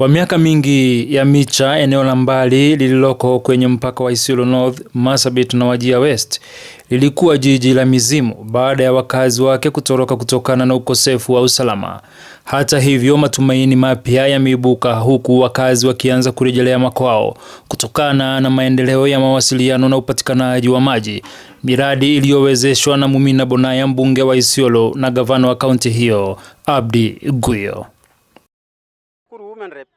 Kwa miaka mingi ya Micha, eneo la mbali lililoko kwenye mpaka wa Isiolo North, Marsabit na wajia West, lilikuwa jiji la mizimu baada ya wakazi wake kutoroka kutokana na ukosefu wa usalama. Hata hivyo, matumaini mapya yameibuka huku wakazi wakianza kurejelea makwao kutokana na maendeleo ya mawasiliano na upatikanaji wa maji, miradi iliyowezeshwa na Mumina Bonaya, mbunge wa Isiolo na gavana wa kaunti hiyo Abdi Guyo women rep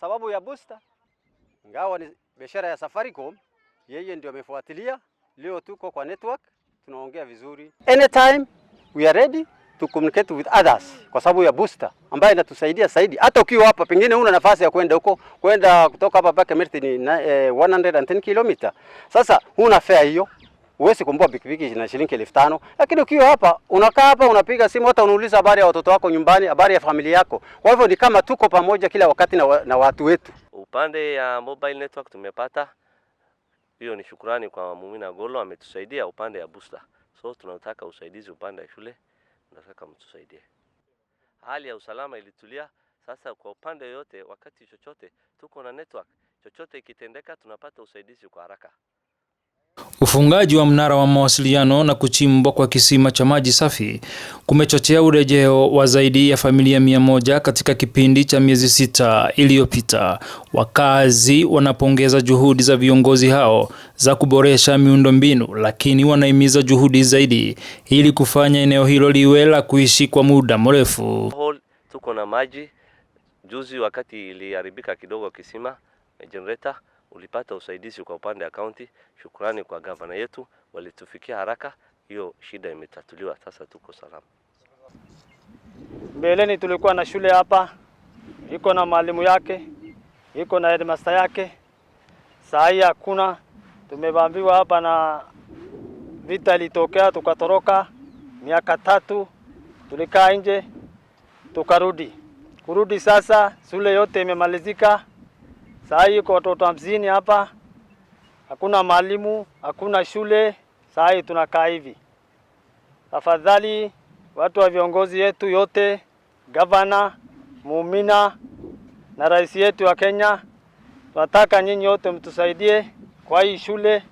sababu ya Booster, ingawa ni biashara ya Safaricom, yeye ndio amefuatilia. Leo tuko kwa network, tunaongea vizuri. Anytime we are ready to communicate with others kwa sababu ya Booster ambayo inatusaidia zaidi. Hata ukiwa hapa pengine una nafasi ya kwenda huko, kwenda kutoka hapa mpaka Merti ni eh, 110 km. Sasa huna fare hiyo Huwezi kumbua pikipiki na shilingi elfu tano lakini ukiwa hapa unakaa hapa unapiga simu, hata unauliza habari ya watoto wako nyumbani, habari ya familia yako. Kwa hivyo ni kama tuko pamoja kila wakati na, na watu wetu. Upande ya mobile network tumepata hiyo, ni shukurani kwa Mumina Golo ametusaidia upande ya booster. So tunataka usaidizi upande ya shule, tunataka mtusaidie. Hali ya usalama ilitulia sasa kwa upande yote, wakati chochote tuko na network, chochote ikitendeka tunapata usaidizi kwa haraka. Ufungaji wa mnara wa mawasiliano na kuchimbwa kwa kisima cha maji safi kumechochea urejeo wa zaidi ya familia mia moja katika kipindi cha miezi sita iliyopita, wakazi wanapongeza juhudi za viongozi hao za kuboresha miundombinu, lakini wanahimiza juhudi zaidi ili kufanya eneo hilo liwe la kuishi kwa muda mrefu. Tuko na maji. Juzi wakati iliharibika kidogo kisima generator ulipata usaidizi kwa upande wa kaunti. Shukrani kwa gavana yetu, walitufikia haraka, hiyo shida imetatuliwa, sasa tuko salama. Mbeleni tulikuwa na shule hapa, iko na mwalimu yake, iko na headmaster yake, saa hii hakuna. Tumevambiwa hapa na vita ilitokea, tukatoroka miaka tatu, tulikaa nje, tukarudi kurudi. Sasa shule yote imemalizika. Saa hii kwa watoto hamsini hapa, hakuna mwalimu, hakuna shule. Saa hii tunakaa hivi. Tafadhali watu wa viongozi yetu yote, gavana Muumina na rais yetu wa Kenya, tunataka nyinyi yote mtusaidie kwa hii shule,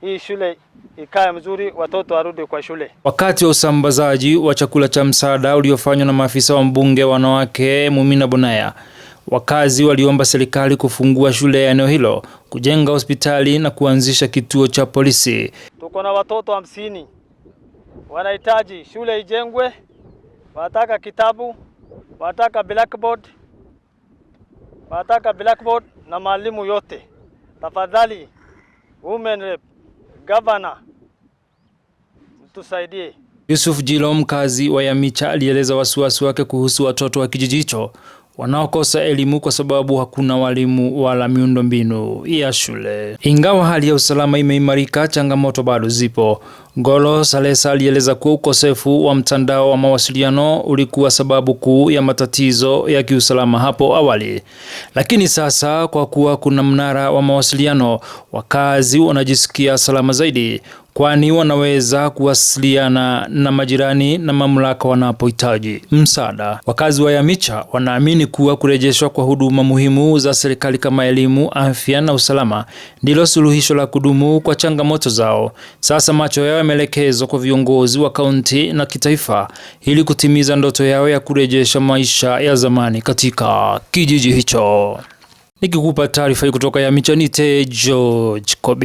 hii shule ikae mzuri, watoto warudi kwa shule. Wakati wa usambazaji wa chakula cha msaada uliofanywa na maafisa wa mbunge wanawake mumina Bonaya Wakazi waliomba serikali kufungua shule ya eneo hilo, kujenga hospitali na kuanzisha kituo cha polisi. Tuko na watoto hamsini wanahitaji shule ijengwe, wanataka kitabu, wanataka blackboard, wanataka blackboard na maalimu yote. Tafadhali women rep, governor mtusaidie. Yusuf Jilo, mkazi wa Yamicha, alieleza wasiwasi wake kuhusu watoto wa kijiji hicho wanaokosa elimu kwa sababu hakuna walimu wala miundombinu ya shule. Ingawa hali ya usalama imeimarika, changamoto bado zipo. Ngolo Salesa alieleza kuwa ukosefu wa mtandao wa mawasiliano ulikuwa sababu kuu ya matatizo ya kiusalama hapo awali, lakini sasa kwa kuwa kuna mnara wa mawasiliano, wakazi wanajisikia salama zaidi kwani wanaweza kuwasiliana na majirani na mamlaka wanapohitaji msaada. Wakazi wa Yamicha wanaamini kuwa kurejeshwa kwa huduma muhimu za serikali kama elimu, afya na usalama ndilo suluhisho la kudumu kwa changamoto zao. Sasa macho yao yameelekezwa kwa viongozi wa kaunti na kitaifa ili kutimiza ndoto yao ya kurejesha maisha ya zamani katika kijiji hicho. Nikikupa taarifa hii kutoka Yamicha ni George Kobe.